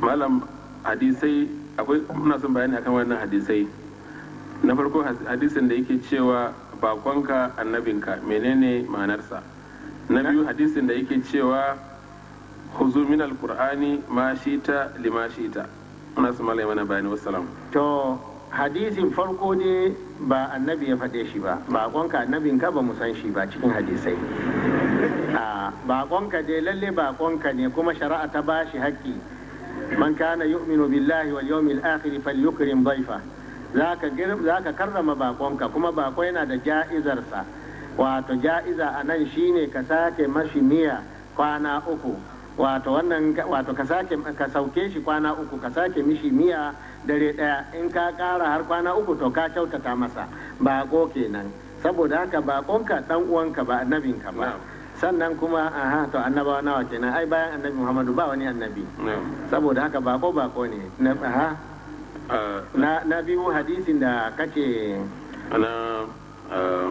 malam hadisai akwai muna son bayani akan wannan hadisai na farko hadisin da yake cewa bakonka annabinka menene ma'anarsa na biyu hadisin da yake cewa huzu min alqur'ani ma shita lima shita muna son malai mana bayani wassalam to hadisin farko ne ba annabi ya faɗe shi ba bakonka annabinka ba mu san shi ba cikin hadisai ah, bakonka dai lalle bakonka ne kuma shari'a ta bashi haƙƙi man kana yu'minu billahi wal yawmil akhir falyukrim dhaifa zaka zaka karrama bakonka kuma bako yana da ja'izarsa wato ja'iza anan shine ka sake mashi miya kwana uku wato wannan wato ka sake ka sauke shi kwana uku ka sake mishi miya dare daya in ka kara har kwana uku to ka kyautata masa bako kenan saboda haka bakonka dan uwanka ba annabinka ba sannan kuma aha to annabawa nawa kenan ai bayan annabi muhammadu ba wani annabi saboda haka bako bako ne na ah, biyu hadisin da kake ana ah,